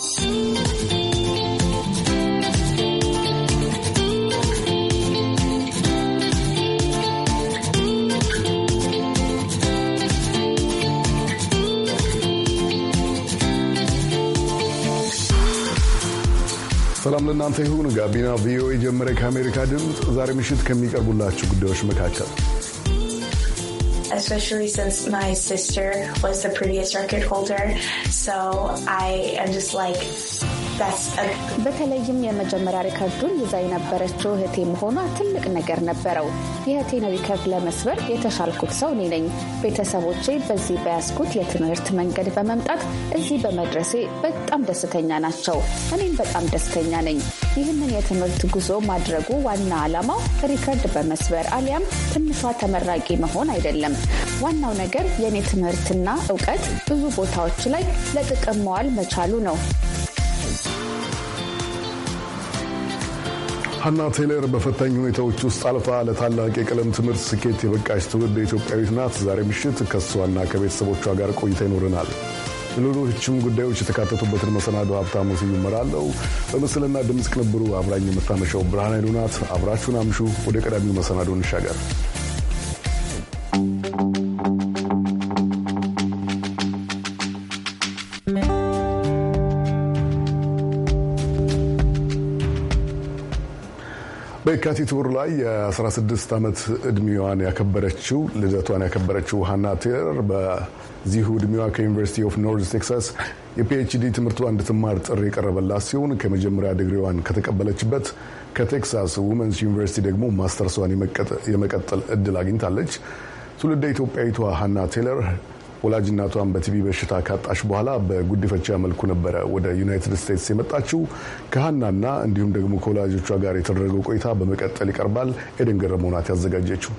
ሰላም ለእናንተ ይሁን። ጋቢና ቪኦኤ ጀመረ። ከአሜሪካ ድምፅ ዛሬ ምሽት ከሚቀርቡላችሁ ጉዳዮች መካከል especially since my sister was the previous record holder በተለይም የመጀመሪያ ሪከርዱን ይዛ የነበረችው እህቴ መሆኗ ትልቅ ነገር ነበረው። የእህቴን ሪከርድ ለመስበር የተሻልኩት ሰው እኔ ነኝ። ቤተሰቦቼ በዚህ በያዝኩት የትምህርት መንገድ በመምጣት እዚህ በመድረሴ በጣም ደስተኛ ናቸው። እኔም በጣም ደስተኛ ነኝ። ይህንን የትምህርት ጉዞ ማድረጉ ዋና ዓላማው ሪከርድ በመስበር አሊያም ትንሿ ተመራቂ መሆን አይደለም። ዋናው ነገር የእኔ ትምህርትና እውቀት ብዙ ቦታዎች ላይ ለጥቅም መዋል መቻሉ ነው። ሀና ቴይለር በፈታኝ ሁኔታዎች ውስጥ አልፋ ለታላቅ የቀለም ትምህርት ስኬት የበቃች ትውልድ ኢትዮጵያዊት ናት። ዛሬ ምሽት ከእሷና ከቤተሰቦቿ ጋር ቆይታ ይኖረናል። ሌሎችም ጉዳዮች የተካተቱበትን መሰናዶ ሀብታሙ ስዩም እመራለሁ። በምስልና ድምፅ ቅንብሩ አብራኝ የምታመሻው ብርሃን ኃይሉ አብራችሁን አምሹ። ወደ ቀዳሚው መሰናዶ እንሻገር። በየካቲት ወር ላይ የ16 ዓመት ዕድሜዋን ያከበረችው ልደቷን ያከበረችው ሀና ቴረር እዚሁ ዕድሜዋ ከዩኒቨርሲቲ ኦፍ ኖርዝ ቴክሳስ የፒኤችዲ ትምህርቷን እንድትማር ጥሪ የቀረበላት ሲሆን ከመጀመሪያ ድግሪዋን ከተቀበለችበት ከቴክሳስ ውመንስ ዩኒቨርሲቲ ደግሞ ማስተርሷን የመቀጠል እድል አግኝታለች። ትውልደ ኢትዮጵያዊቷ ሀና ቴለር ወላጅናቷን በቲቢ በሽታ ካጣች በኋላ በጉዲፈቻ መልኩ ነበረ ወደ ዩናይትድ ስቴትስ የመጣችው። ከሀናና እንዲሁም ደግሞ ከወላጆቿ ጋር የተደረገው ቆይታ በመቀጠል ይቀርባል። ኤደን ገረመው ያዘጋጀችው።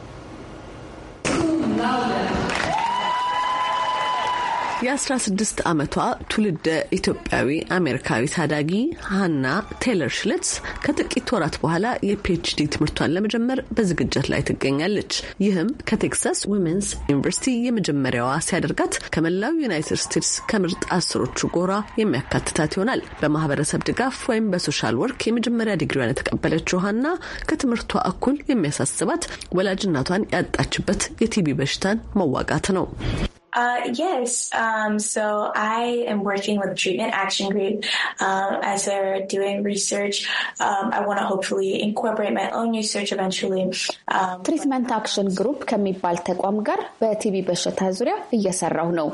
የ16 ዓመቷ ትውልደ ኢትዮጵያዊ አሜሪካዊ ታዳጊ ሀና ቴይለር ሽልትስ ከጥቂት ወራት በኋላ የፒኤችዲ ትምህርቷን ለመጀመር በዝግጀት ላይ ትገኛለች። ይህም ከቴክሳስ ዊሜንስ ዩኒቨርሲቲ የመጀመሪያዋ ሲያደርጋት ከመላው ዩናይትድ ስቴትስ ከምርጥ አስሮቹ ጎራ የሚያካትታት ይሆናል። በማህበረሰብ ድጋፍ ወይም በሶሻል ወርክ የመጀመሪያ ዲግሪዋን የተቀበለችው ሀና ከትምህርቷ እኩል የሚያሳስባት ወላጅናቷን ያጣችበት የቲቢ በሽታን መዋጋት ነው። Uh, yes. Um, so I am working with Treatment Action Group. Um, as they're doing research, um, I want to hopefully incorporate my own research eventually. ትሪትመንት አክሽን ግሩፕ ከሚባል ተቋም ጋር በቲቢ በሽታ ዙሪያ እየሰራው ነው።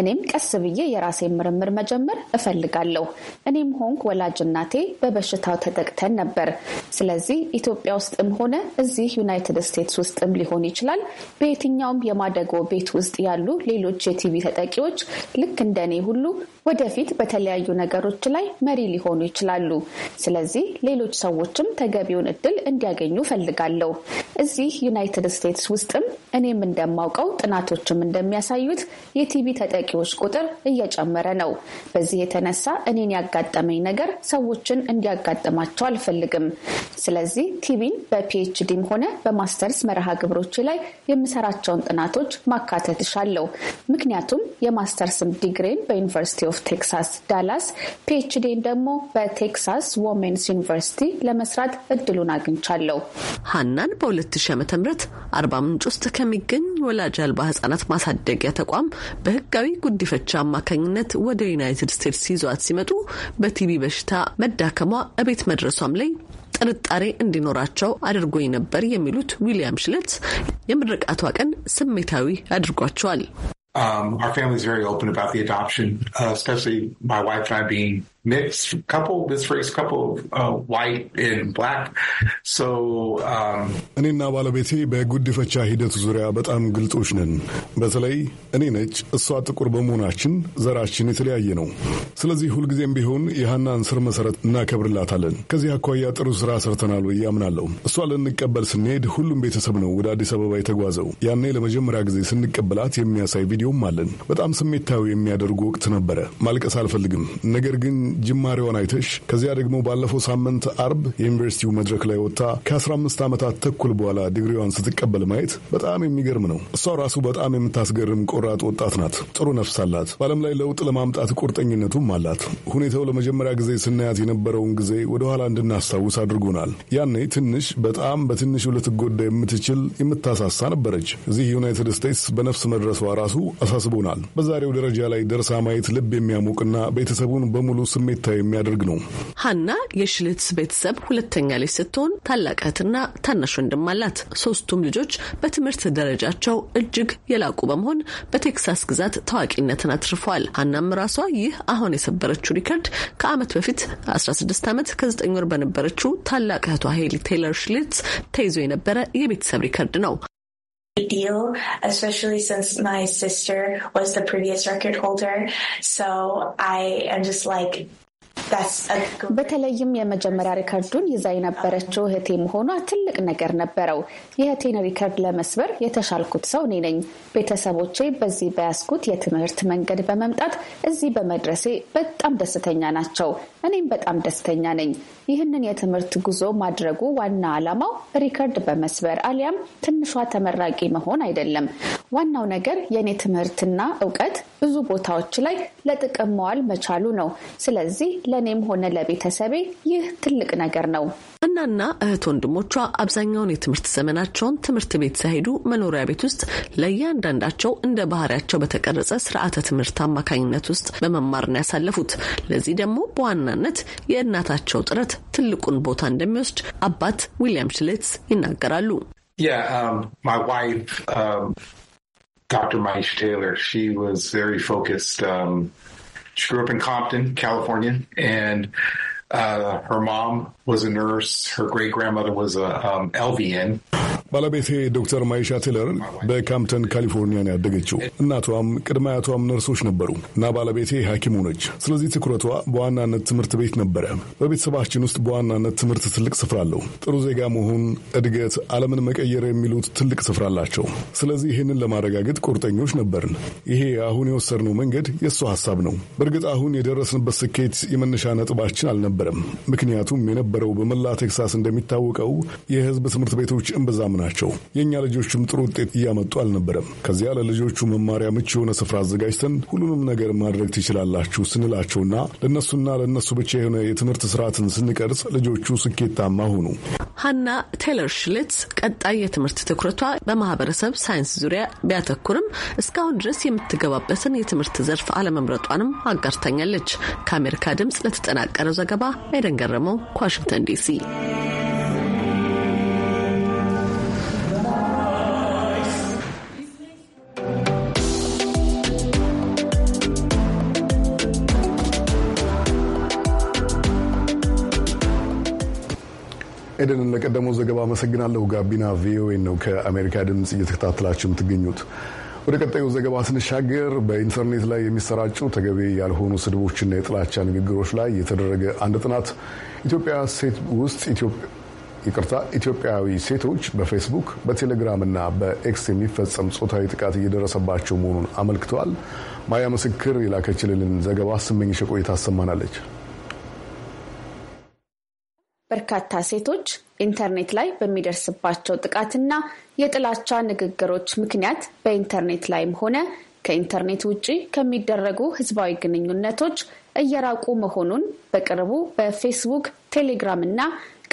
እኔም ቀስ ብዬ የራሴ ምርምር መጀመር እፈልጋለሁ። እኔም ሆንክ ወላጅ እናቴ በበሽታው ተጠቅተን ነበር። ስለዚህ ኢትዮጵያ ውስጥም ሆነ እዚህ ዩናይትድ ስቴትስ ውስጥም ሊሆን ይችላል በየትኛውም የማደጎ ቤት ውስጥ ያሉ ሌሎች ሌሎች የቲቪ ተጠቂዎች ልክ እንደኔ ሁሉ ወደፊት በተለያዩ ነገሮች ላይ መሪ ሊሆኑ ይችላሉ። ስለዚህ ሌሎች ሰዎችም ተገቢውን እድል እንዲያገኙ ፈልጋለሁ። እዚህ ዩናይትድ ስቴትስ ውስጥም እኔም እንደማውቀው ጥናቶችም እንደሚያሳዩት የቲቪ ተጠቂዎች ቁጥር እየጨመረ ነው። በዚህ የተነሳ እኔን ያጋጠመኝ ነገር ሰዎችን እንዲያጋጥማቸው አልፈልግም። ስለዚህ ቲቪን በፒኤችዲም ሆነ በማስተርስ መርሃ ግብሮች ላይ የምሰራቸውን ጥናቶች ማካተት እሻለሁ። ምክንያቱም የማስተርስ ዲግሪን በዩኒቨርሲቲ ኦፍ ቴክሳስ ዳላስ፣ ፒኤችዲን ደግሞ በቴክሳስ ወሜንስ ዩኒቨርሲቲ ለመስራት እድሉን አግኝቻለሁ። ሀናን በ2000 ዓ ም አርባ ምንጭ ውስጥ ከሚገኝ ወላጅ አልባ ህጻናት ማሳደጊያ ተቋም በህጋዊ ጉዲፈቻ አማካኝነት ወደ ዩናይትድ ስቴትስ ይዟት ሲመጡ በቲቢ በሽታ መዳከሟ እቤት መድረሷም ላይ ጥርጣሬ እንዲኖራቸው አድርጎኝ ነበር የሚሉት ዊሊያም ሽለት የምርቃቷ ቀን ስሜታዊ አድርጓቸዋል። um, our family's very open about the adoption, uh, especially my wife and I being mixed couple, this race couple, uh, white and black. So, um, እኔና ባለቤቴ በጉድፈቻ ሂደት ዙሪያ በጣም ግልጦች ነን። በተለይ እኔ ነጭ፣ እሷ ጥቁር በመሆናችን ዘራችን የተለያየ ነው። ስለዚህ ሁልጊዜም ቢሆን የሀናን ስር መሰረት እናከብርላታለን። ከዚህ አኳያ ጥሩ ስራ ሰርተናል ብዬ አምናለሁ። እሷ ልንቀበል ስንሄድ ሁሉም ቤተሰብ ነው ወደ አዲስ አበባ የተጓዘው። ያኔ ለመጀመሪያ ጊዜ ስንቀበላት የሚያሳይ ቪዲዮም አለን። በጣም ስሜታዊ የሚያደርጉ ወቅት ነበረ። ማልቀስ አልፈልግም፣ ነገር ግን ጅማሬዋን አይተሽ ከዚያ ደግሞ ባለፈው ሳምንት አርብ የዩኒቨርሲቲው መድረክ ላይ ወጥታ ከ15 ዓመታት ተኩል በኋላ ዲግሪዋን ስትቀበል ማየት በጣም የሚገርም ነው። እሷ ራሱ በጣም የምታስገርም ቆራጥ ወጣት ናት። ጥሩ ነፍስ አላት። በዓለም ላይ ለውጥ ለማምጣት ቁርጠኝነቱም አላት። ሁኔታው ለመጀመሪያ ጊዜ ስናያት የነበረውን ጊዜ ወደኋላ እንድናስታውስ አድርጎናል። ያኔ ትንሽ በጣም በትንሹ ልትጎዳ የምትችል የምታሳሳ ነበረች። እዚህ ዩናይትድ ስቴትስ በነፍስ መድረሷ ራሱ አሳስቦናል። በዛሬው ደረጃ ላይ ደርሳ ማየት ልብ የሚያሞቅና ቤተሰቡን በሙሉ ስሜታዊ የሚያደርግ ነው። ሀና የሽልትስ ቤተሰብ ሁለተኛ ልጅ ስትሆን ታላቅ እህትና ታናሽ ወንድም አላት። ሶስቱም ልጆች በትምህርት ደረጃቸው እጅግ የላቁ በመሆን በቴክሳስ ግዛት ታዋቂነትን አትርፏል። ሀናም ራሷ ይህ አሁን የሰበረችው ሪከርድ ከዓመት በፊት 16 ዓመት ከ9 ወር በነበረችው ታላቅ እህቷ ሄሊ ቴይለር ሽልትስ ተይዞ የነበረ የቤተሰብ ሪከርድ ነው። deal, especially since my sister was the previous record holder. So I am just like በተለይም የመጀመሪያ ሪከርዱን ይዛ የነበረችው እህቴ መሆኗ ትልቅ ነገር ነበረው። የእህቴን ሪከርድ ለመስበር የተሻልኩት ሰው እኔ ነኝ። ቤተሰቦቼ በዚህ በያዝኩት የትምህርት መንገድ በመምጣት እዚህ በመድረሴ በጣም ደስተኛ ናቸው። እኔም በጣም ደስተኛ ነኝ። ይህንን የትምህርት ጉዞ ማድረጉ ዋና ዓላማው ሪከርድ በመስበር አሊያም ትንሿ ተመራቂ መሆን አይደለም። ዋናው ነገር የእኔ ትምህርትና እውቀት ብዙ ቦታዎች ላይ ለጥቅም መዋል መቻሉ ነው። ስለዚህ ለእኔም ሆነ ለቤተሰቤ ይህ ትልቅ ነገር ነው። እናና እህት ወንድሞቿ አብዛኛውን የትምህርት ዘመናቸውን ትምህርት ቤት ሳይሄዱ መኖሪያ ቤት ውስጥ ለእያንዳንዳቸው እንደ ባህሪያቸው በተቀረጸ ስርዓተ ትምህርት አማካኝነት ውስጥ በመማር ነው ያሳለፉት። ለዚህ ደግሞ በዋናነት የእናታቸው ጥረት ትልቁን ቦታ እንደሚወስድ አባት ዊሊያም ሽሌትስ ይናገራሉ። ዶክተር ማይሽ ፎከስድ She grew up in Compton, California, and uh, her mom was a nurse. Her great grandmother was a um, LVN. ባለቤቴ ዶክተር ማይሻ ቴለር በካምፕተን ካሊፎርኒያን ያደገችው እናቷም ቅድመ አያቷም ነርሶች ነበሩ እና ባለቤቴ ሀኪም ሆነች። ስለዚህ ትኩረቷ በዋናነት ትምህርት ቤት ነበረ። በቤተሰባችን ውስጥ በዋናነት ትምህርት ትልቅ ስፍራ አለው። ጥሩ ዜጋ መሆን፣ እድገት፣ ዓለምን መቀየር የሚሉት ትልቅ ስፍራ አላቸው። ስለዚህ ይህንን ለማረጋገጥ ቁርጠኞች ነበርን። ይሄ አሁን የወሰድነው መንገድ የእሷ ሀሳብ ነው። በእርግጥ አሁን የደረስንበት ስኬት የመነሻ ነጥባችን አልነበረም። ምክንያቱም የነበረው በመላ ቴክሳስ እንደሚታወቀው የህዝብ ትምህርት ቤቶች እምብዛም ነው ናቸው። የእኛ ልጆችም ጥሩ ውጤት እያመጡ አልነበረም። ከዚያ ለልጆቹ መማሪያ ምቹ የሆነ ስፍራ አዘጋጅተን ሁሉንም ነገር ማድረግ ትችላላችሁ ስንላቸውና ለእነሱና ለእነሱ ብቻ የሆነ የትምህርት ስርዓትን ስንቀርጽ ልጆቹ ስኬታማ ሆኑ። ሀና ቴለር ሽሌትስ ቀጣይ የትምህርት ትኩረቷ በማህበረሰብ ሳይንስ ዙሪያ ቢያተኩርም እስካሁን ድረስ የምትገባበትን የትምህርት ዘርፍ አለመምረጧንም አጋርታኛለች። ከአሜሪካ ድምፅ ለተጠናቀረው ዘገባ አይደን ገረመው ከዋሽንግተን ዲሲ ኤደንን ለቀደመው ዘገባ አመሰግናለሁ። ጋቢና ቪኦኤ ነው ከአሜሪካ ድምፅ እየተከታተላችሁ የምትገኙት። ወደ ቀጣዩ ዘገባ ስንሻገር በኢንተርኔት ላይ የሚሰራጩ ተገቢ ያልሆኑ ስድቦችና የጥላቻ ንግግሮች ላይ የተደረገ አንድ ጥናት ኢትዮጵያ ሴት ውስጥ ይቅርታ ኢትዮጵያዊ ሴቶች በፌስቡክ በቴሌግራም እና በኤክስ የሚፈጸም ጾታዊ ጥቃት እየደረሰባቸው መሆኑን አመልክተዋል። ማያ ምስክር የላከችልልን ዘገባ ስመኝሽ ቆይታ ታሰማናለች። በርካታ ሴቶች ኢንተርኔት ላይ በሚደርስባቸው ጥቃትና የጥላቻ ንግግሮች ምክንያት በኢንተርኔት ላይም ሆነ ከኢንተርኔት ውጪ ከሚደረጉ ህዝባዊ ግንኙነቶች እየራቁ መሆኑን በቅርቡ በፌስቡክ፣ ቴሌግራም እና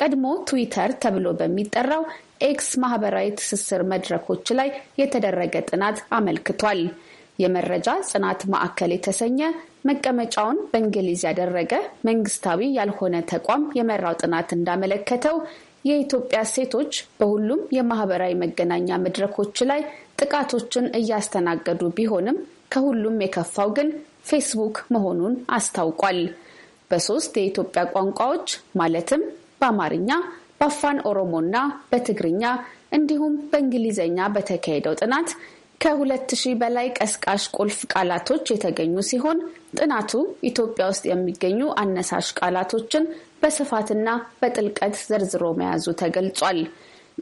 ቀድሞ ትዊተር ተብሎ በሚጠራው ኤክስ ማህበራዊ ትስስር መድረኮች ላይ የተደረገ ጥናት አመልክቷል። የመረጃ ጽናት ማዕከል የተሰኘ መቀመጫውን በእንግሊዝ ያደረገ መንግስታዊ ያልሆነ ተቋም የመራው ጥናት እንዳመለከተው የኢትዮጵያ ሴቶች በሁሉም የማህበራዊ መገናኛ መድረኮች ላይ ጥቃቶችን እያስተናገዱ ቢሆንም ከሁሉም የከፋው ግን ፌስቡክ መሆኑን አስታውቋል። በሶስት የኢትዮጵያ ቋንቋዎች ማለትም በአማርኛ፣ በአፋን ኦሮሞና በትግርኛ እንዲሁም በእንግሊዝኛ በተካሄደው ጥናት ከሁለት ሺህ በላይ ቀስቃሽ ቁልፍ ቃላቶች የተገኙ ሲሆን ጥናቱ ኢትዮጵያ ውስጥ የሚገኙ አነሳሽ ቃላቶችን በስፋትና በጥልቀት ዘርዝሮ መያዙ ተገልጿል።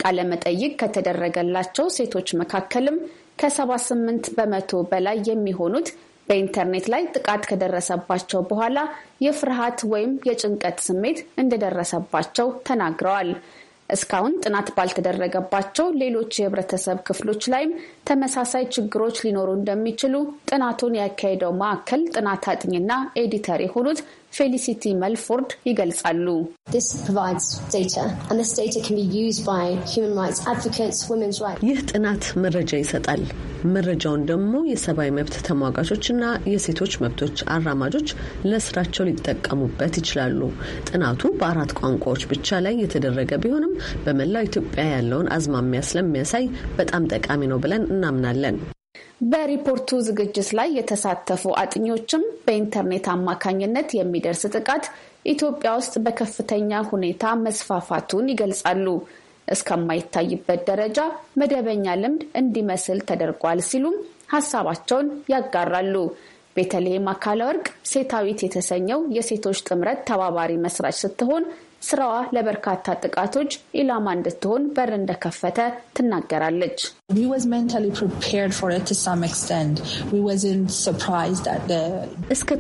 ቃለመጠይቅ ከተደረገላቸው ሴቶች መካከልም ከ78 በመቶ በላይ የሚሆኑት በኢንተርኔት ላይ ጥቃት ከደረሰባቸው በኋላ የፍርሃት ወይም የጭንቀት ስሜት እንደደረሰባቸው ተናግረዋል። እስካሁን ጥናት ባልተደረገባቸው ሌሎች የህብረተሰብ ክፍሎች ላይም ተመሳሳይ ችግሮች ሊኖሩ እንደሚችሉ ጥናቱን ያካሄደው ማዕከል ጥናት አጥኚና ኤዲተር የሆኑት ፌሊሲቲ መልፎርድ ይገልጻሉ። ይህ ጥናት መረጃ ይሰጣል። መረጃውን ደግሞ የሰብአዊ መብት ተሟጋቾችና የሴቶች መብቶች አራማጆች ለስራቸው ሊጠቀሙበት ይችላሉ። ጥናቱ በአራት ቋንቋዎች ብቻ ላይ የተደረገ ቢሆንም በመላው ኢትዮጵያ ያለውን አዝማሚያ ስለሚያሳይ በጣም ጠቃሚ ነው ብለን እናምናለን። በሪፖርቱ ዝግጅት ላይ የተሳተፉ አጥኚዎችም በኢንተርኔት አማካኝነት የሚደርስ ጥቃት ኢትዮጵያ ውስጥ በከፍተኛ ሁኔታ መስፋፋቱን ይገልጻሉ። እስከማይታይበት ደረጃ መደበኛ ልምድ እንዲመስል ተደርጓል ሲሉም ሀሳባቸውን ያጋራሉ። ቤተልሔም አካለ ወርቅ ሴታዊት የተሰኘው የሴቶች ጥምረት ተባባሪ መስራች ስትሆን ስራዋ ለበርካታ ጥቃቶች ኢላማ እንድትሆን በር እንደከፈተ ትናገራለች።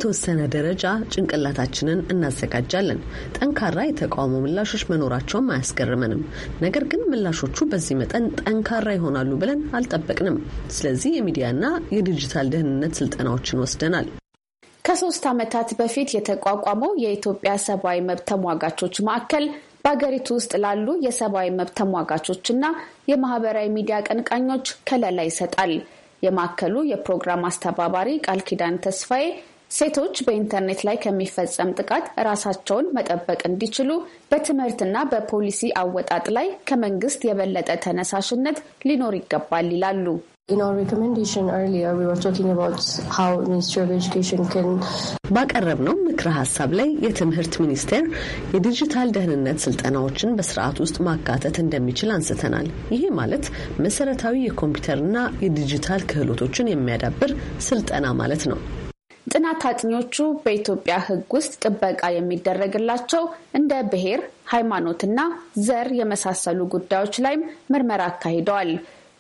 ተወሰነ ደረጃ ጭንቅላታችንን እናዘጋጃለን። ጠንካራ የተቃውሞ ምላሾች መኖራቸውም አያስገርመንም። ነገር ግን ምላሾቹ በዚህ መጠን ጠንካራ ይሆናሉ ብለን አልጠበቅንም። ስለዚህ የሚዲያና የዲጂታል ደህንነት ስልጠናዎችን ወስደናል። ከሶስት ዓመታት በፊት የተቋቋመው የኢትዮጵያ ሰብአዊ መብት ተሟጋቾች ማዕከል በሀገሪቱ ውስጥ ላሉ የሰብአዊ መብት ተሟጋቾችና የማህበራዊ ሚዲያ ቀንቃኞች ከለላ ይሰጣል። የማዕከሉ የፕሮግራም አስተባባሪ ቃል ኪዳን ተስፋዬ ሴቶች በኢንተርኔት ላይ ከሚፈጸም ጥቃት ራሳቸውን መጠበቅ እንዲችሉ በትምህርትና በፖሊሲ አወጣጥ ላይ ከመንግስት የበለጠ ተነሳሽነት ሊኖር ይገባል ይላሉ። ባቀረብነው ምክረ ሀሳብ ላይ የትምህርት ሚኒስቴር የዲጂታል ደህንነት ስልጠናዎችን በስርዓት ውስጥ ማካተት እንደሚችል አንስተናል። ይሄ ማለት መሰረታዊ የኮምፒውተርና የዲጂታል ክህሎቶችን የሚያዳብር ስልጠና ማለት ነው። ጥናት አጥኚዎቹ በኢትዮጵያ ሕግ ውስጥ ጥበቃ የሚደረግላቸው እንደ ብሔር፣ ሃይማኖትና ዘር የመሳሰሉ ጉዳዮች ላይም ምርመራ አካሂደዋል።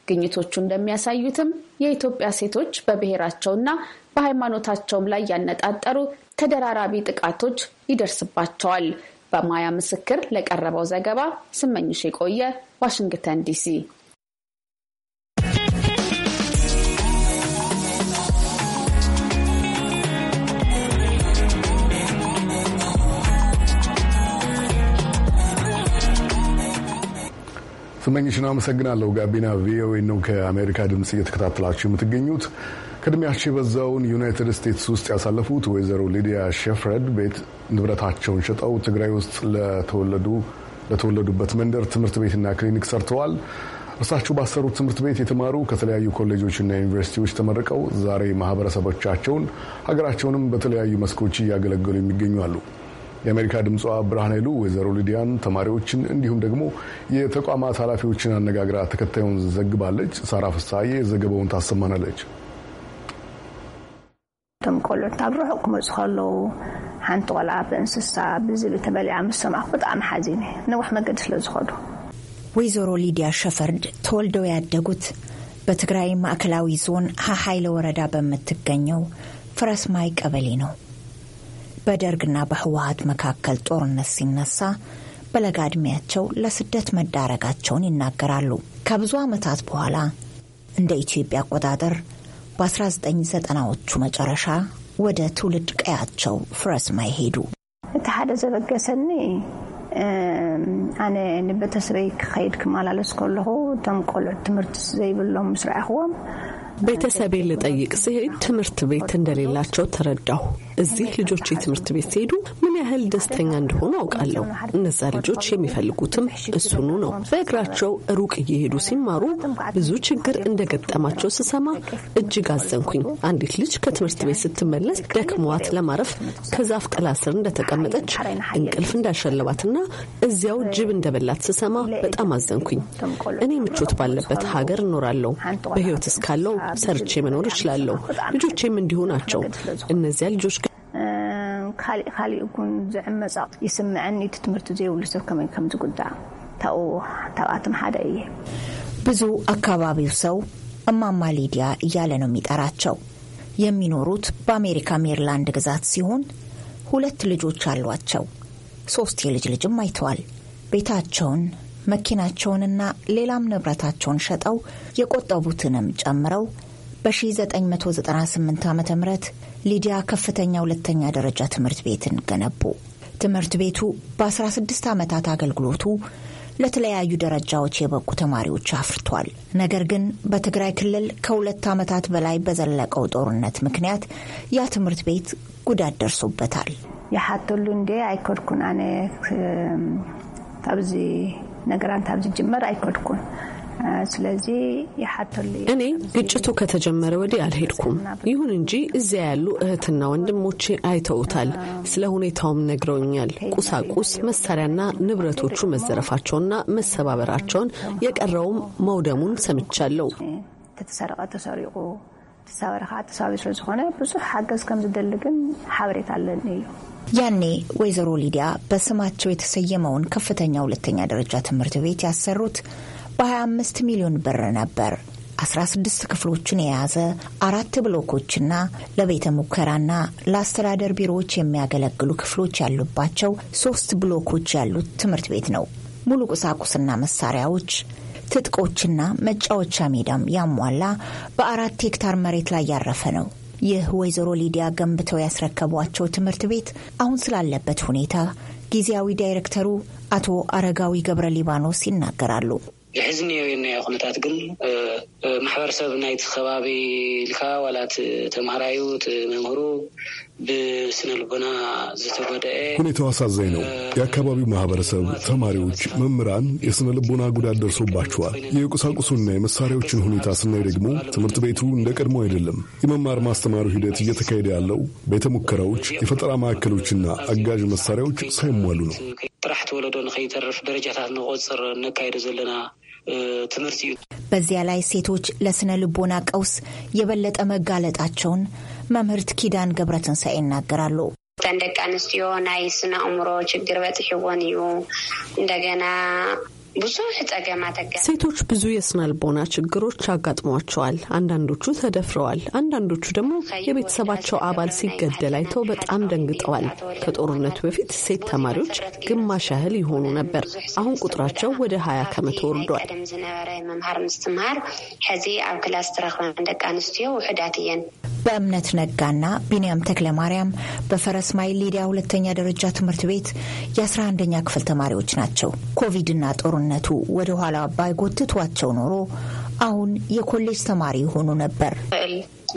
ግኝቶቹ እንደሚያሳዩትም የኢትዮጵያ ሴቶች በብሔራቸውና በሃይማኖታቸውም ላይ ያነጣጠሩ ተደራራቢ ጥቃቶች ይደርስባቸዋል። በማያ ምስክር ለቀረበው ዘገባ ስመኝሽ የቆየ ዋሽንግተን ዲሲ ስመኝሽን አመሰግናለሁ። ጋቢና ቪኦኤ ነው ከአሜሪካ ድምፅ እየተከታተላችሁ የምትገኙት። ቅድሚያቸው የበዛውን ዩናይትድ ስቴትስ ውስጥ ያሳለፉት ወይዘሮ ሊዲያ ሼፍረድ ቤት ንብረታቸውን ሸጠው ትግራይ ውስጥ ለተወለዱበት መንደር ትምህርት ቤትና ክሊኒክ ሰርተዋል። እርሳቸው ባሰሩት ትምህርት ቤት የተማሩ ከተለያዩ ኮሌጆችና ዩኒቨርሲቲዎች ተመርቀው ዛሬ ማህበረሰቦቻቸውን ሀገራቸውንም በተለያዩ መስኮች እያገለገሉ የሚገኙ አሉ። የአሜሪካ ድምጿ ብርሃን ኃይሉ ወይዘሮ ሊዲያን ተማሪዎችን እንዲሁም ደግሞ የተቋማት ኃላፊዎችን አነጋግራ ተከታዩን ዘግባለች። ሳራ ፍሳዬ ዘገባውን ታሰማናለች። እቶም ቆልዑት ኣብ ርሑቅ ክመፁ ከለዉ ሓንቲ ቆልዓ ብእንስሳ ብዝብ ተበሊዓ ምስ ሰማኹ ብጣዕሚ ሓዚነ ነዊሕ መገዲ ስለ ዝኸዱ ወይዘሮ ሊድያ ሸፈርድ ተወልደው ያደጉት በትግራይ ማእከላዊ ዞን ሃሓይለ ወረዳ በምትገኘው ፍረስማይ ቀበሌ ነው። በደርግና በህወሀት መካከል ጦርነት ሲነሳ በለጋ ዕድሜያቸው ለስደት መዳረጋቸውን ይናገራሉ። ከብዙ ዓመታት በኋላ እንደ ኢትዮጵያ አቆጣጠር በ1990ዎቹ መጨረሻ ወደ ትውልድ ቀያቸው ፍረስማይ ሄዱ። እቲ ሓደ ዘበገሰኒ ኣነ ንቤተሰበይ ክኸይድ ክመላለስ ከለኹ እቶም ቆልዑት ትምህርቲ ዘይብሎም ምስ ረኣኽዎም ቤተሰቤን ልጠይቅ ስሄድ ትምህርት ቤት እንደሌላቸው ተረዳሁ። እዚህ ልጆች የትምህርት ቤት ሲሄዱ ምን ያህል ደስተኛ እንደሆኑ አውቃለሁ። እነዛ ልጆች የሚፈልጉትም እሱኑ ነው። በእግራቸው ሩቅ እየሄዱ ሲማሩ ብዙ ችግር እንደገጠማቸው ስሰማ እጅግ አዘንኩኝ። አንዲት ልጅ ከትምህርት ቤት ስትመለስ ደክመዋት ለማረፍ ከዛፍ ጥላ ስር እንደተቀመጠች እንቅልፍ እንዳሸለባትና እዚያው ጅብ እንደበላት ስሰማ በጣም አዘንኩኝ። እኔ ምቾት ባለበት ሀገር እኖራለሁ። በህይወት እስካለው ሰርቼ መኖር እችላለሁ። ልጆቼም እንዲሁ ናቸው። እነዚያ ልጆች ካሊእ ካሊእ እኩን ዝዕመፃ ይስምዐኒ እቲ ትምህርቲ ዘይብሉ ሰብ ከመይ ከም ዝጉዳእ ታብኣቶም ሓደ እየ ብዙ አካባቢው ሰው እማማ ሊድያ እያለ ነው የሚጠራቸው። የሚኖሩት በአሜሪካ ሜሪላንድ ግዛት ሲሆን ሁለት ልጆች አሏቸው። ሶስት የልጅ ልጅም አይተዋል። ቤታቸውን መኪናቸውንና ሌላም ንብረታቸውን ሸጠው የቆጠቡትንም ጨምረው በ1998 ዓ ም ሊዲያ ከፍተኛ ሁለተኛ ደረጃ ትምህርት ቤትን ገነቡ። ትምህርት ቤቱ በ16 ዓመታት አገልግሎቱ ለተለያዩ ደረጃዎች የበቁ ተማሪዎች አፍርቷል። ነገር ግን በትግራይ ክልል ከሁለት ዓመታት በላይ በዘለቀው ጦርነት ምክንያት ያ ትምህርት ቤት ጉዳት ደርሶበታል። የሓተሉ እንዴ አይኮድኩን ኣነ ካብዚ ነገራን ካብዚ ጅመር ኣይኮድኩን ስለዚህ እኔ ግጭቱ ከተጀመረ ወዲህ አልሄድኩም። ይሁን እንጂ እዚያ ያሉ እህትና ወንድሞቼ አይተውታል። ስለ ሁኔታውም ነግረውኛል። ቁሳቁስ መሳሪያና ንብረቶቹ መዘረፋቸውና መሰባበራቸውን የቀረውም መውደሙን ሰምቻለሁ። ተሰረቀ ተሰሪቁ ተሳበረ ተሳቢ ስለዝኾነ ብዙሕ ሓገዝ ከም ዝደልግን ሓበሬታ ኣለኒ እዩ ያኔ ወይዘሮ ሊዲያ በስማቸው የተሰየመውን ከፍተኛ ሁለተኛ ደረጃ ትምህርት ቤት ያሰሩት በ25 ሚሊዮን ብር ነበር። 16 ክፍሎችን የያዘ አራት ብሎኮችና ለቤተ ሙከራና ለአስተዳደር ቢሮዎች የሚያገለግሉ ክፍሎች ያሉባቸው ሶስት ብሎኮች ያሉት ትምህርት ቤት ነው። ሙሉ ቁሳቁስና መሳሪያዎች፣ ትጥቆችና መጫወቻ ሜዳም ያሟላ በአራት ሄክታር መሬት ላይ ያረፈ ነው። ይህ ወይዘሮ ሊዲያ ገንብተው ያስረከቧቸው ትምህርት ቤት አሁን ስላለበት ሁኔታ ጊዜያዊ ዳይሬክተሩ አቶ አረጋዊ ገብረ ሊባኖስ ይናገራሉ። ዝሕዝኒዮ ኩነታት ግን ማሕበረሰብ ናይቲ ከባቢ ኢልካ ዋላ እቲ ተምሃራዩ እቲ መምህሩ ብስነ ልቦና ዝተጎደአ ሁኔታው አሳዛኝ ነው። የአካባቢው ማህበረሰብ፣ ተማሪዎች፣ መምህራን የስነ ልቦና ጉዳት ደርሶባቸዋል። የቁሳቁሱና የመሳሪያዎችን ሁኔታ ስናይ ደግሞ ትምህርት ቤቱ እንደ ቀድሞ አይደለም። የመማር ማስተማሩ ሂደት እየተካሄደ ያለው ቤተ ሙከራዎች፣ የፈጠራ ማዕከሎችና አጋዥ መሳሪያዎች ሳይሟሉ ነው። ጥራሕቲ ወለዶ ንከይተርፍ ደረጃታት ንቆፅር ነካይደ ዘለና ትምህርት በዚያ ላይ ሴቶች ለስነ ልቦና ቀውስ የበለጠ መጋለጣቸውን መምህርት ኪዳን ገብረትንሳኤ ይናገራሉ። ተን ደቂ ኣንስትዮ ናይ ስነ እምሮ ችግር በፅሕዎን እዩ እንደገና ብዙ ሴቶች ብዙ የስናልቦና ችግሮች አጋጥሟቸዋል። አንዳንዶቹ ተደፍረዋል። አንዳንዶቹ ደግሞ የቤተሰባቸው አባል ሲገደል አይተው በጣም ደንግጠዋል። ከጦርነቱ በፊት ሴት ተማሪዎች ግማሽ ያህል ይሆኑ ነበር። አሁን ቁጥራቸው ወደ ሀያ ከመቶ ወርዷል። በእምነት ነጋና ቢንያም ተክለ ማርያም በፈረስ ማይል ሊዲያ ሁለተኛ ደረጃ ትምህርት ቤት የአስራ አንደኛ ክፍል ተማሪዎች ናቸው። ኮቪድና ጦርነት ከጦርነቱ ወደ ኋላ ባይጎትቷቸው ኖሮ አሁን የኮሌጅ ተማሪ ሆኖ ነበር።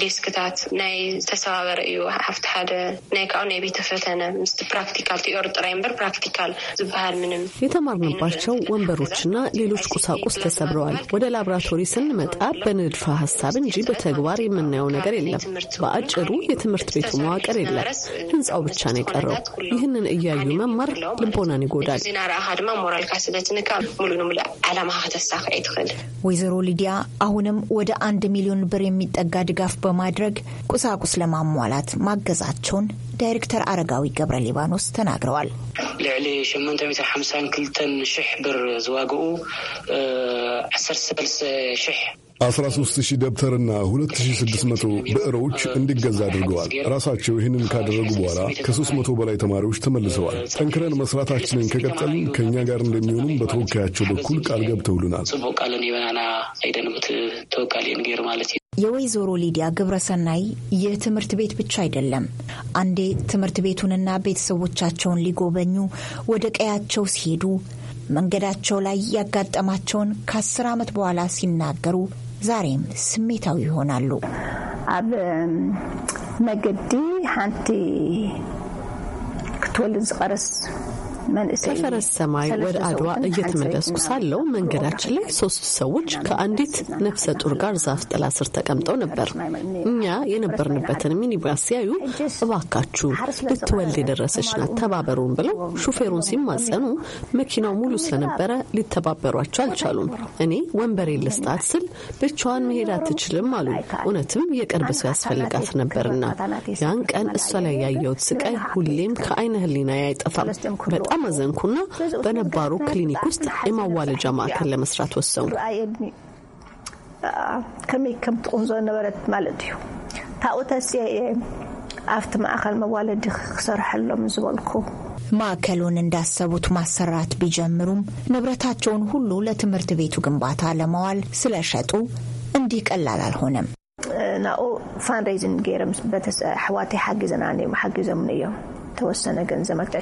ዴስክታት ናይ ዝተሰባበረ እዩ ሓፍቲ ሓደ ናይ ካብኡ ናይ ቤተ ፈተነ ምስቲ ፕራክቲካል ትኦር ጥራይ እምበር ፕራክቲካል ዝበሃል ምንም የተማርንባቸው ወንበሮችና ሌሎች ቁሳቁስ ተሰብረዋል። ወደ ላብራቶሪ ስንመጣ በንድፈ ሀሳብ እንጂ በተግባር የምናየው ነገር የለም። በአጭሩ የትምህርት ቤቱ መዋቅር የለም፣ ህንፃው ብቻ ነው የቀረው። ይህንን እያዩ መማር ልቦናን ይጎዳል። ዜና ረኣኻ ድማ ሞራልካ ስለትንካ ሙሉ ንሙሉ ዓላማ ከተሳክዐ ይትኽእል። ወይዘሮ ሊድያ አሁንም ወደ አንድ ሚሊዮን ብር የሚጠጋ ድጋፍ በማድረግ ቁሳቁስ ለማሟላት ማገዛቸውን ዳይሬክተር አረጋዊ ገብረ ሊባኖስ ተናግረዋል። ልዕሊ 852 ሽሕ ብር ዝዋግኡ 13 ሽሕ 13000 ደብተርና 2600 ብዕሮች እንዲገዛ አድርገዋል። ራሳቸው ይህንን ካደረጉ በኋላ ከ300 በላይ ተማሪዎች ተመልሰዋል። ጠንክረን መስራታችንን ከቀጠልን ከእኛ ጋር እንደሚሆኑም በተወካያቸው በኩል ቃል ገብተውልናል። ጽቡቅ ቃልን የበናና አይደንምት ተወቃሌ ንጌር ማለት የወይዘሮ ሊዲያ ግብረሰናይ ይህ ትምህርት ቤት ብቻ አይደለም። አንዴ ትምህርት ቤቱንና ቤተሰቦቻቸውን ሊጎበኙ ወደ ቀያቸው ሲሄዱ መንገዳቸው ላይ ያጋጠማቸውን ከአስር ዓመት በኋላ ሲናገሩ ዛሬም ስሜታዊ ይሆናሉ። ኣብ መገዲ ሓንቲ ክትወልድ ዝቀረስ ከፈረስ ሰማይ ወደ አድዋ እየተመለስኩ ሳለው መንገዳችን ላይ ሶስት ሰዎች ከአንዲት ነፍሰ ጡር ጋር ዛፍ ጥላ ስር ተቀምጠው ነበር። እኛ የነበርንበትን ሚኒባስ ሲያዩ እባካችሁ ልትወልድ የደረሰች ናት ተባበሩን ብለው ሹፌሩን ሲማጸኑ መኪናው ሙሉ ስለነበረ ሊተባበሯቸው አልቻሉም። እኔ ወንበሬ ልስጣት ስል ብቻዋን መሄድ አትችልም አሉ። እውነትም የቅርብ ሰው ያስፈልጋት ነበርና ያን ቀን እሷ ላይ ያየሁት ስቃይ ሁሌም ከአይነ ህሊና አይጠፋም። በጣም አመዘንኩና በነባሩ ክሊኒክ ውስጥ የማዋለጃ ማዕከል ለመስራት ወሰንኩ። ከመይ ከም ትቁንዞ ነበረት ማለት እዩ ታብኡ ኣብቲ ማእኸል መዋለዲ ክሰርሐሎም ዝበልኩ ማዕከሉን እንዳሰቡት ማሰራት ቢጀምሩም ንብረታቸውን ሁሉ ለትምህርት ቤቱ ግንባታ ለመዋል ስለሸጡ እንዲህ ቀላል አልሆነም። ናብኡ ፋንሬዝን ገይሮም በተስ ኣሕዋተይ ሓጊዘና ሓጊዞምን እዮም توسط است نه گنزه مت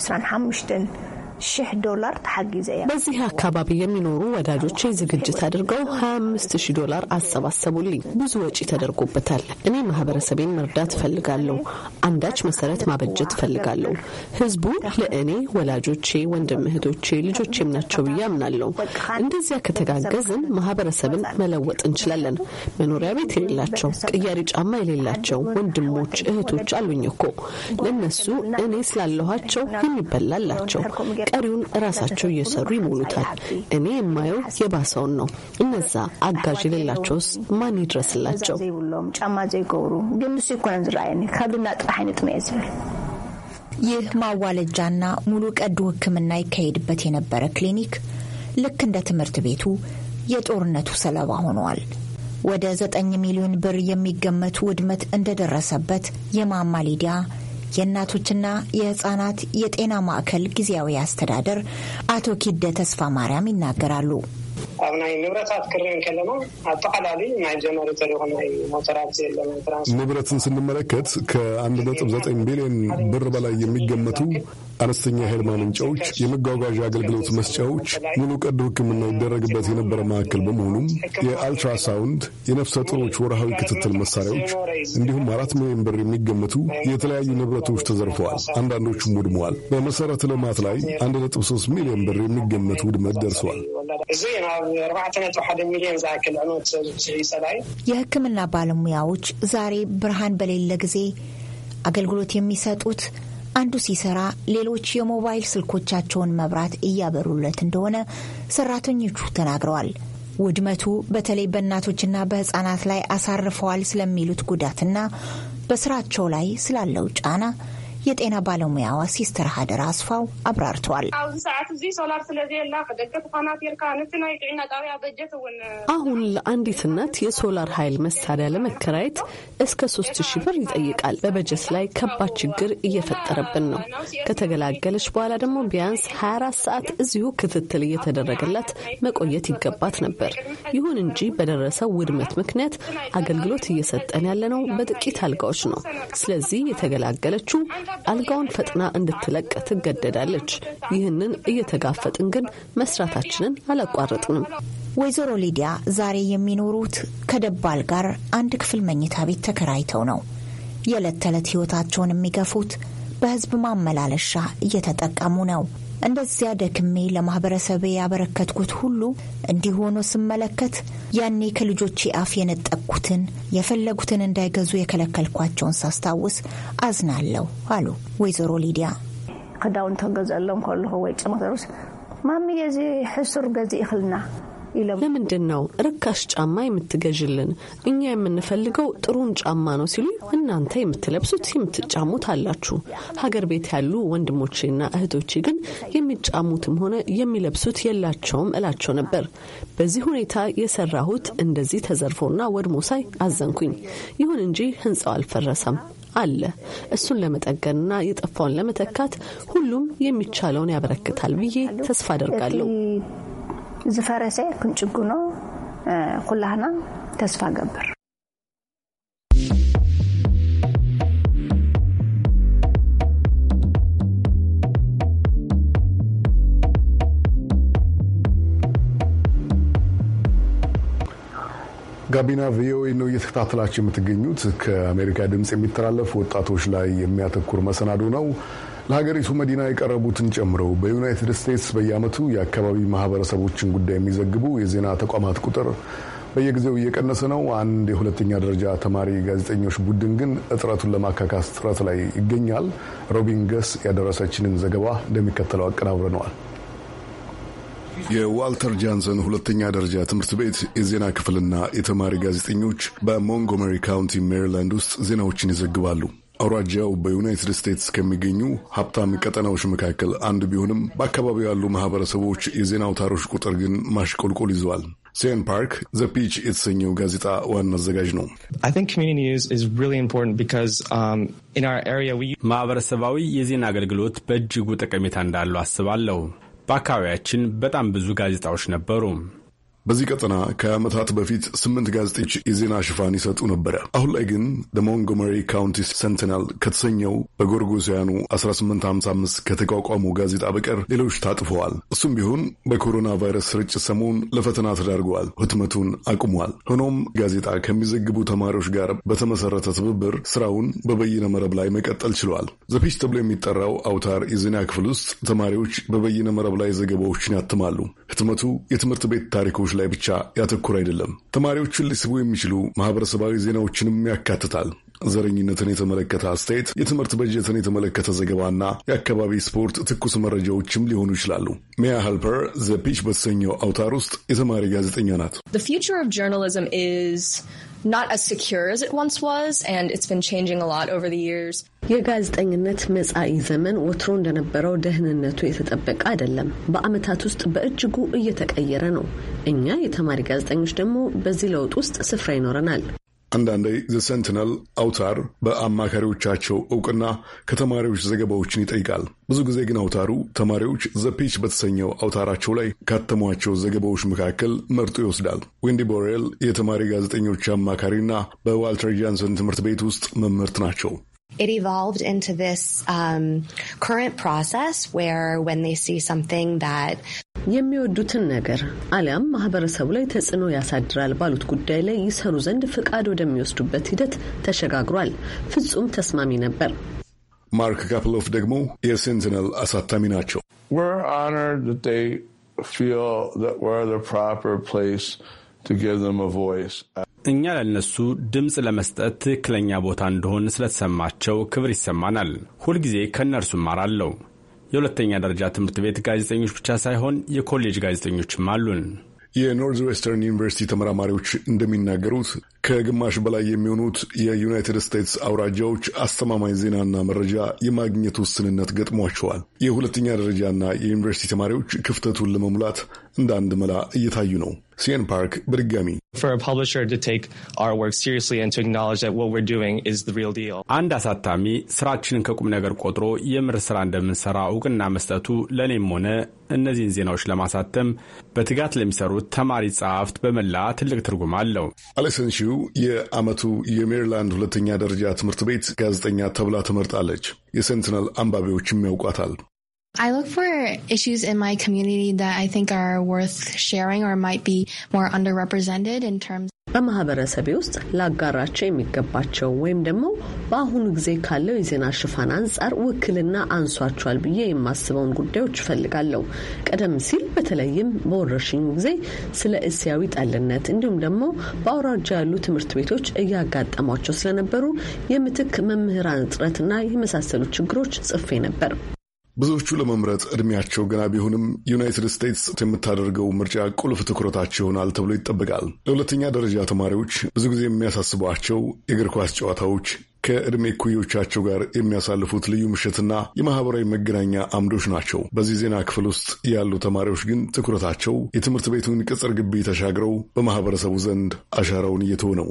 ሺህ ዶላር ተሓጊዘ እያ በዚህ አካባቢ የሚኖሩ ወዳጆቼ ዝግጅት አድርገው 25 ሺህ ዶላር አሰባሰቡልኝ። ብዙ ወጪ ተደርጎበታል። እኔ ማህበረሰቤን መርዳት እፈልጋለሁ። አንዳች መሰረት ማበጀት እፈልጋለሁ። ህዝቡ ለእኔ ወላጆቼ፣ ወንድም እህቶቼ፣ ልጆቼም ናቸው ብዬ አምናለሁ። እንደዚያ ከተጋገዝን ማህበረሰብን መለወጥ እንችላለን። መኖሪያ ቤት የሌላቸው፣ ቅያሪ ጫማ የሌላቸው ወንድሞች እህቶች አሉኝ እኮ ለእነሱ እኔ ስላለኋቸው የሚበላላቸው ቀሪውን ራሳቸው እየሰሩ ይሞሉታል። እኔ የማየው የባሰውን ነው። እነዛ አጋዥ የሌላቸውስ ማን ይድረስላቸው? ጫማ ዘይገብሩ ግን ንሱ ይኮነ ዝረአይኒ ካብና ጥራሕ ዓይነት መየ ዝብል ይህ ማዋለጃና ሙሉ ቀዱ ሕክምና ይካሄድበት የነበረ ክሊኒክ ልክ እንደ ትምህርት ቤቱ የጦርነቱ ሰለባ ሆነዋል። ወደ ዘጠኝ ሚሊዮን ብር የሚገመቱ ውድመት እንደደረሰበት የማማ ሊዲያ የእናቶችና የህጻናት የጤና ማዕከል ጊዜያዊ አስተዳደር አቶ ኪደ ተስፋ ማርያም ይናገራሉ። ኣብ ናይ ንብረታት ክሪአን ከለና ኣጠቃላለዩ ናይ ጀነሬተር ይኹን ናይ ሞተራት ንብረትን ስንመለከት ከአንድ ነጥብ ዘጠኝ ቢልዮን ብር በላይ የሚገመቱ አነስተኛ ኃይል ማመንጫዎች፣ የመጓጓዣ አገልግሎት መስጫዎች፣ ሙሉ ቀዶ ሕክምና ይደረግበት የነበረ ማዕከል በመሆኑም የአልትራሳውንድ የነፍሰ ጡሮች ወርሃዊ ክትትል መሳሪያዎች እንዲሁም አራት ሚሊዮን ብር የሚገመቱ የተለያዩ ንብረቶች ተዘርፈዋል። አንዳንዶቹም ውድመዋል። በመሰረተ ልማት ላይ አንድ ነጥብ ሶስት ሚሊዮን ብር የሚገመት ውድመት ደርሰዋል። የሕክምና ባለሙያዎች ዛሬ ብርሃን በሌለ ጊዜ አገልግሎት የሚሰጡት አንዱ ሲሰራ ሌሎች የሞባይል ስልኮቻቸውን መብራት እያበሩለት እንደሆነ ሰራተኞቹ ተናግረዋል። ውድመቱ በተለይ በእናቶችና በህጻናት ላይ አሳርፈዋል ስለሚሉት ጉዳትና በስራቸው ላይ ስላለው ጫና የጤና ባለሙያዋ ሲስተር ሀደር አስፋው አብራርተዋል። አሁን ለአንዲት እናት የሶላር ኃይል መሳሪያ ለመከራየት እስከ ሶስት ሺህ ብር ይጠይቃል። በበጀት ላይ ከባድ ችግር እየፈጠረብን ነው። ከተገላገለች በኋላ ደግሞ ቢያንስ 24 ሰዓት እዚሁ ክትትል እየተደረገላት መቆየት ይገባት ነበር። ይሁን እንጂ በደረሰው ውድመት ምክንያት አገልግሎት እየሰጠን ያለነው በጥቂት አልጋዎች ነው። ስለዚህ የተገላገለችው አልጋውን ፈጥና እንድትለቅ ትገደዳለች። ይህንን እየተጋፈጥን ግን መስራታችንን አላቋረጥንም። ወይዘሮ ሊዲያ ዛሬ የሚኖሩት ከደባል ጋር አንድ ክፍል መኝታ ቤት ተከራይተው ነው። የዕለት ተዕለት ሕይወታቸውን የሚገፉት በህዝብ ማመላለሻ እየተጠቀሙ ነው። እንደዚያ ደክሜ ለማህበረሰቤ ያበረከትኩት ሁሉ እንዲህ ሆኖ ስመለከት ያኔ ከልጆቼ አፍ የነጠቅኩትን የፈለጉትን እንዳይገዙ የከለከልኳቸውን ሳስታውስ አዝናለሁ አሉ ወይዘሮ ሊዲያ። ክዳውን ተገዘሎም ከልኹ ወይ ጭመተሩስ ማሚ የዚ ሕሱር ገዜ ይኽልና ለምንድን ነው ርካሽ ጫማ የምትገዥልን? እኛ የምንፈልገው ጥሩን ጫማ ነው ሲሉ እናንተ የምትለብሱት የምትጫሙት አላችሁ። ሀገር ቤት ያሉ ወንድሞቼና እህቶቼ ግን የሚጫሙትም ሆነ የሚለብሱት የላቸውም እላቸው ነበር። በዚህ ሁኔታ የሰራሁት እንደዚህ ተዘርፎና ወድሞ ሳይ አዘንኩኝ። ይሁን እንጂ ህንፃው አልፈረሰም አለ። እሱን ለመጠገንና የጠፋውን ለመተካት ሁሉም የሚቻለውን ያበረክታል ብዬ ተስፋ አደርጋለሁ። ዝፈረሰ ክንጭግኖ ኩላህና ተስፋ ገብር ጋቢና ቪኦኤ ነው እየተከታተላችሁ የምትገኙት። ከአሜሪካ ድምፅ የሚተላለፍ ወጣቶች ላይ የሚያተኩር መሰናዶ ነው። ለሀገሪቱ መዲና የቀረቡትን ጨምሮ በዩናይትድ ስቴትስ በየዓመቱ የአካባቢ ማህበረሰቦችን ጉዳይ የሚዘግቡ የዜና ተቋማት ቁጥር በየጊዜው እየቀነሰ ነው። አንድ የሁለተኛ ደረጃ ተማሪ ጋዜጠኞች ቡድን ግን እጥረቱን ለማካካስ ጥረት ላይ ይገኛል። ሮቢን ገስ ያደረሰችንን ዘገባ እንደሚከተለው አቀናብረነዋል። የዋልተር ጃንሰን ሁለተኛ ደረጃ ትምህርት ቤት የዜና ክፍልና የተማሪ ጋዜጠኞች በሞንጎመሪ ካውንቲ ሜሪላንድ ውስጥ ዜናዎችን ይዘግባሉ። አውራጃው በዩናይትድ ስቴትስ ከሚገኙ ሀብታም ቀጠናዎች መካከል አንድ ቢሆንም በአካባቢው ያሉ ማህበረሰቦች የዜና አውታሮች ቁጥር ግን ማሽቆልቆል ይዘዋል። ሴን ፓርክ ዘ ፒች የተሰኘው ጋዜጣ ዋና አዘጋጅ ነው። um, ማህበረሰባዊ የዜና አገልግሎት በእጅጉ ጠቀሜታ እንዳለው አስባለሁ። በአካባቢያችን በጣም ብዙ ጋዜጣዎች ነበሩ። በዚህ ቀጠና ከዓመታት በፊት ስምንት ጋዜጦች የዜና ሽፋን ይሰጡ ነበረ። አሁን ላይ ግን ደሞንጎመሪ ካውንቲ ሰንቲናል ከተሰኘው በጎርጎሲያኑ 1855 ከተቋቋመው ጋዜጣ በቀር ሌሎች ታጥፈዋል። እሱም ቢሆን በኮሮና ቫይረስ ስርጭት ሰሞን ለፈተና ተዳርገዋል፣ ህትመቱን አቁሟል። ሆኖም ጋዜጣ ከሚዘግቡ ተማሪዎች ጋር በተመሰረተ ትብብር ስራውን በበይነ መረብ ላይ መቀጠል ችሏል። ዘፒች ተብሎ የሚጠራው አውታር የዜና ክፍል ውስጥ ተማሪዎች በበይነ መረብ ላይ ዘገባዎችን ያትማሉ። ህትመቱ የትምህርት ቤት ታሪኮች ላይ ብቻ ያተኩር አይደለም። ተማሪዎችን ሊስቡ የሚችሉ ማህበረሰባዊ ዜናዎችንም ያካትታል። ዘረኝነትን የተመለከተ አስተያየት፣ የትምህርት በጀትን የተመለከተ ዘገባና የአካባቢ ስፖርት ትኩስ መረጃዎችም ሊሆኑ ይችላሉ። ሚያ ሀልፐር ዘፒች በተሰኘው አውታር ውስጥ የተማሪ ጋዜጠኛ ናት። not as secure as it once was, and it's been changing a lot over the years. የጋዜጠኝነት መጻኢ ዘመን ወትሮ እንደነበረው ደህንነቱ የተጠበቀ አይደለም። በዓመታት ውስጥ በእጅጉ እየተቀየረ ነው። እኛ የተማሪ ጋዜጠኞች ደግሞ በዚህ ለውጥ ውስጥ ስፍራ ይኖረናል። አንዳንዴ ዘሰንትነል አውታር በአማካሪዎቻቸው እውቅና ከተማሪዎች ዘገባዎችን ይጠይቃል። ብዙ ጊዜ ግን አውታሩ ተማሪዎች ዘፔች በተሰኘው አውታራቸው ላይ ካተሟቸው ዘገባዎች መካከል መርጦ ይወስዳል። ዊንዲ ቦሬል የተማሪ ጋዜጠኞች አማካሪና በዋልተር ጃንሰን ትምህርት ቤት ውስጥ መምህርት ናቸው። It evolved into this um, current process where when they see something that የሚወዱትን ነገር አሊያም ማህበረሰቡ ላይ ተጽዕኖ ያሳድራል ባሉት ጉዳይ ላይ ይሰሩ ዘንድ ፍቃድ ወደሚወስዱበት ሂደት ተሸጋግሯል። ፍጹም ተስማሚ ነበር። ማርክ ካፕሎፍ ደግሞ የሴንቲነል አሳታሚ ናቸው። እኛ ለነሱ ድምፅ ለመስጠት ትክክለኛ ቦታ እንደሆን ስለተሰማቸው ክብር ይሰማናል። ሁልጊዜ ከእነርሱ እማራለሁ። የሁለተኛ ደረጃ ትምህርት ቤት ጋዜጠኞች ብቻ ሳይሆን የኮሌጅ ጋዜጠኞችም አሉን። የኖርዝ ዌስተርን ዩኒቨርሲቲ ተመራማሪዎች እንደሚናገሩት ከግማሽ በላይ የሚሆኑት የዩናይትድ ስቴትስ አውራጃዎች አስተማማኝ ዜናና መረጃ የማግኘት ውስንነት ገጥሟቸዋል። የሁለተኛ ደረጃና የዩኒቨርሲቲ ተማሪዎች ክፍተቱን ለመሙላት እንደ አንድ መላ እየታዩ ነው። ሲን ፓርክ በድጋሚ አንድ አሳታሚ ስራችንን ከቁም ነገር ቆጥሮ የምር ስራ እንደምንሰራ እውቅና መስጠቱ ለእኔም ሆነ እነዚህን ዜናዎች ለማሳተም በትጋት ለሚሰሩት ተማሪ ጸሐፍት በመላ ትልቅ ትርጉም አለው። አሌክሰን ሺው የዓመቱ የሜሪላንድ ሁለተኛ ደረጃ ትምህርት ቤት ጋዜጠኛ ተብላ ተመርጣለች። የሴንትነል አንባቢዎችም ያውቋታል። I look for issues in my community that I think are worth sharing or might be more underrepresented in terms በማህበረሰቤ ውስጥ ላጋራቸው የሚገባቸው ወይም ደግሞ በአሁኑ ጊዜ ካለው የዜና ሽፋን አንጻር ውክልና አንሷቸዋል ብዬ የማስበውን ጉዳዮች እፈልጋለሁ። ቀደም ሲል በተለይም በወረርሽኙ ጊዜ ስለ እስያዊ ጠልነት እንዲሁም ደግሞ በአውራጃ ያሉ ትምህርት ቤቶች እያጋጠሟቸው ስለነበሩ የምትክ መምህራን እጥረትና የመሳሰሉ ችግሮች ጽፌ ነበር። ብዙዎቹ ለመምረጥ እድሜያቸው ገና ቢሆንም ዩናይትድ ስቴትስ የምታደርገው ምርጫ ቁልፍ ትኩረታቸው ይሆናል ተብሎ ይጠበቃል። ለሁለተኛ ደረጃ ተማሪዎች ብዙ ጊዜ የሚያሳስቧቸው የእግር ኳስ ጨዋታዎች ከዕድሜ ኩዮቻቸው ጋር የሚያሳልፉት ልዩ ምሽትና የማህበራዊ መገናኛ አምዶች ናቸው። በዚህ ዜና ክፍል ውስጥ ያሉ ተማሪዎች ግን ትኩረታቸው የትምህርት ቤቱን ቅጽር ግቢ ተሻግረው በማህበረሰቡ ዘንድ አሻራውን እየተወ ነው።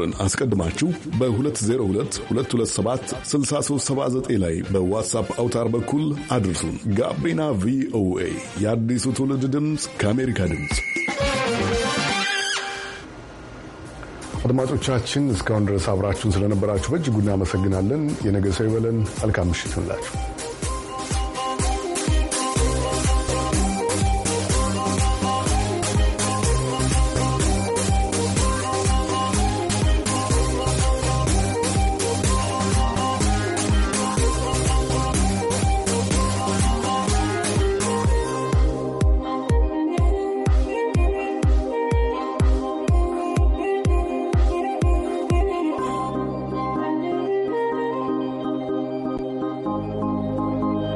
ቁጥርን አስቀድማችሁ በ 6379 ላይ በዋትሳፕ አውታር በኩል አድርሱን። ጋቢና ቪኦኤ የአዲሱ ትውልድ ድምፅ ከአሜሪካ ድምፅ። አድማጮቻችን እስካሁን ድረስ አብራችሁን ስለነበራችሁ በእጅጉ እናመሰግናለን። የነገ ሰው ይበለን። መልካም ምሽት ይሁንላችሁ።